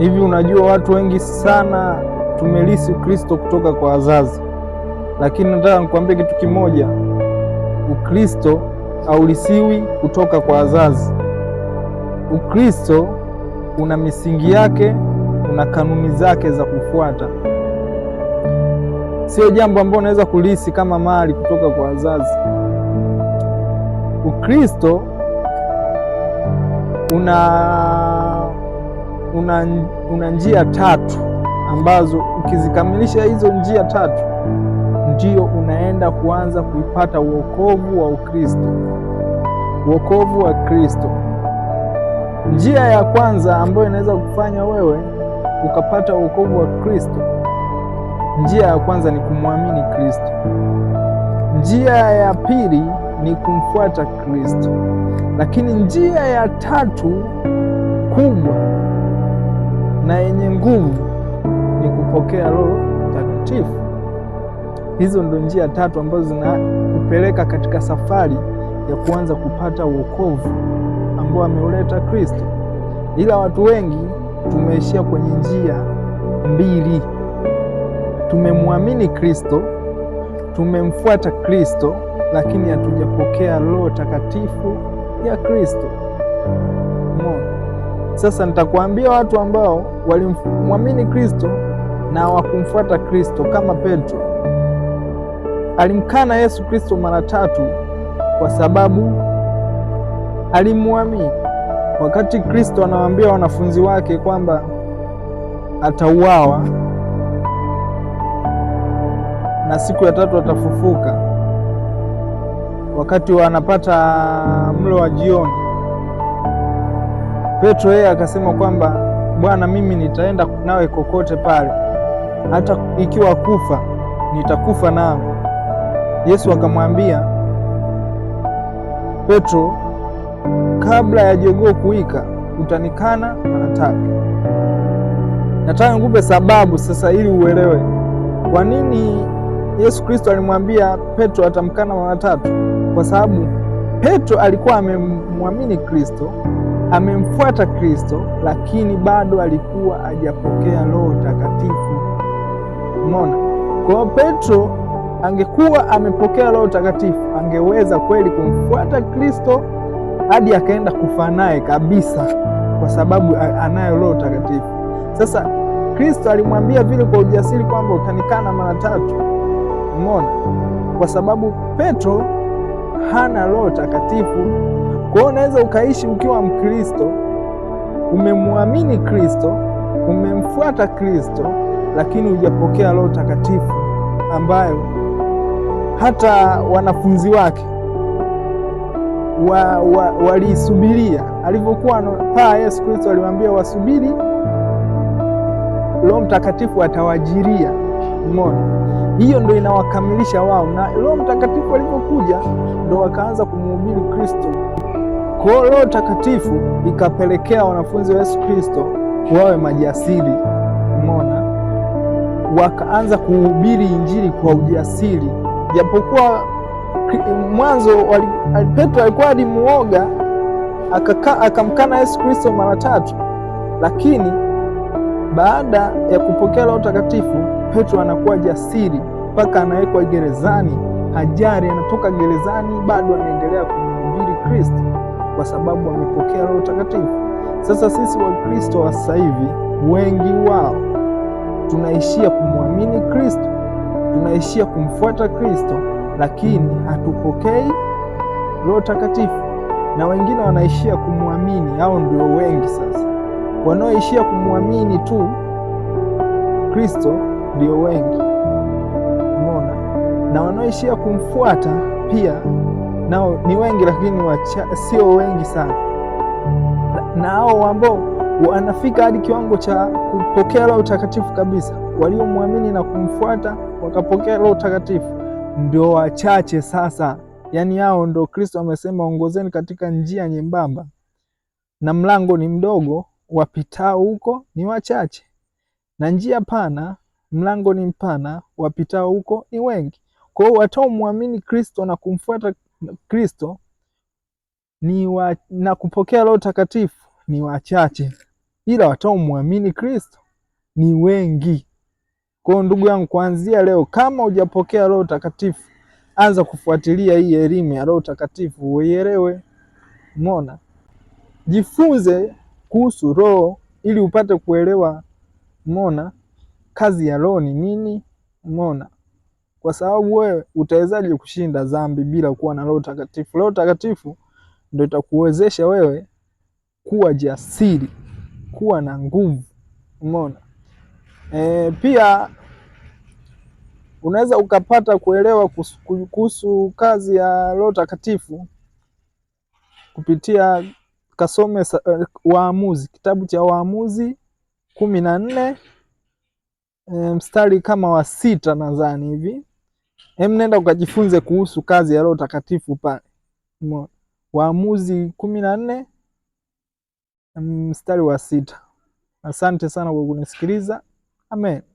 Hivi unajua watu wengi sana tumelisi Ukristo kutoka kwa wazazi, lakini nataka nikwambie kitu kimoja, Ukristo haulisiwi kutoka kwa wazazi. Ukristo una misingi yake, una kanuni zake za kufuata. Sio jambo ambalo unaweza kulisi kama mali kutoka kwa wazazi. Ukristo una una, una njia tatu ambazo ukizikamilisha hizo njia tatu ndio unaenda kuanza kuipata wokovu wa Ukristo, wokovu wa Kristo. Njia ya kwanza ambayo inaweza kufanya wewe ukapata wokovu wa Kristo, njia ya kwanza ni kumwamini Kristo. Njia ya pili ni kumfuata Kristo, lakini njia ya tatu kubwa na yenye nguvu ni kupokea Roho Mtakatifu. Hizo ndo njia tatu ambazo zinakupeleka katika safari ya kuanza kupata wokovu ambao ameuleta Kristo, ila watu wengi tumeishia kwenye njia mbili. Tumemwamini Kristo, tumemfuata Kristo, lakini hatujapokea Roho Takatifu ya Kristo. Sasa nitakuambia watu ambao walimwamini Kristo na wakumfuata Kristo kama Petro. Alimkana Yesu Kristo mara tatu kwa sababu alimwamini. Wakati Kristo anawaambia wanafunzi wake kwamba atauawa na siku ya tatu atafufuka, wakati wanapata mlo wa jioni Petro yeye akasema kwamba Bwana, mimi nitaenda nawe kokote pale, hata ikiwa kufa nitakufa nawe. Yesu akamwambia Petro, kabla ya jogoo kuwika utanikana mara tatu. Nataka nikupe sababu sasa ili uelewe kwa nini Yesu Kristo alimwambia Petro atamkana mara tatu, kwa sababu Petro alikuwa amemwamini Kristo amemfuata Kristo, lakini bado alikuwa hajapokea Roho Takatifu. Umeona? Kwa hiyo Petro angekuwa amepokea Roho Takatifu angeweza kweli kumfuata Kristo hadi akaenda kufa naye kabisa, kwa sababu anayo Roho Takatifu. Sasa Kristo alimwambia vile kwa ujasiri kwamba utanikana mara tatu. Umeona? Kwa sababu Petro hana Roho Takatifu. Kwa hiyo unaweza ukaishi ukiwa Mkristo, umemwamini Kristo, umemfuata Kristo, lakini hujapokea Roho Takatifu ambayo hata wanafunzi wake wa, wa, waliisubiria alivyokuwa paa. Yesu Kristo aliwaambia wasubiri Roho Mtakatifu atawajiria. Umeona, hiyo ndo inawakamilisha wao, na Roho Mtakatifu alipokuja ndo wakaanza kumhubiri Kristo. Kwa hiyo Roho Mtakatifu ikapelekea wanafunzi wa Yesu Kristo wawe majasiri, umeona, wakaanza kuhubiri injili kwa ujasiri, japokuwa mwanzo Petro alikuwa hadi muoga, akamkana Yesu Kristo mara tatu, lakini baada ya kupokea Roho Mtakatifu, Petro anakuwa jasiri mpaka anawekwa gerezani. Hajari anatoka gerezani, bado anaendelea kumhubiri Kristo kwa sababu amepokea Roho Mtakatifu. Sasa sisi Wakristo wa sasa hivi wengi wao tunaishia kumwamini Kristo, tunaishia kumfuata Kristo, lakini hatupokei Roho Mtakatifu, na wengine wanaishia kumwamini. Hao ndio wengi sasa. Wanaoishia kumwamini tu Kristo ndio wengi, umeona, na wanaoishia kumfuata pia nao ni wengi, lakini sio wengi sana, na hao ambao wanafika hadi kiwango cha kupokea Roho Mtakatifu kabisa, waliomwamini na kumfuata wakapokea Roho utakatifu ndio wachache sasa. Yaani hao ndo Kristo amesema ongozeni katika njia nyembamba na mlango ni mdogo wapitao huko ni wachache, na njia pana, mlango ni mpana, wapitao huko ni wengi. Kwa hiyo wataomwamini Kristo na kumfuata Kristo ni wa, na kupokea Roho Takatifu ni wachache, ila wataomwamini Kristo ni wengi. Kwa hiyo ndugu yangu, kuanzia leo kama hujapokea Roho Takatifu, anza kufuatilia hii elimu ya Roho Takatifu uielewe. Umeona, jifunze kuhusu roho ili upate kuelewa mona kazi ya roho ni nini mona, kwa sababu wewe utawezaje kushinda dhambi bila kuwa na roho takatifu? Roho takatifu ndio itakuwezesha wewe kuwa jasiri, kuwa na nguvu mona. E, pia unaweza ukapata kuelewa kuhusu kazi ya Roho Takatifu kupitia kasome eh, Waamuzi, kitabu cha Waamuzi kumi na nne eh, mstari kama wa sita nadhani hivi. Hem, nenda ukajifunze kuhusu kazi ya Roho Takatifu pale Waamuzi kumi na nne mm, mstari wa sita. Asante sana kwa kunisikiliza. Amen.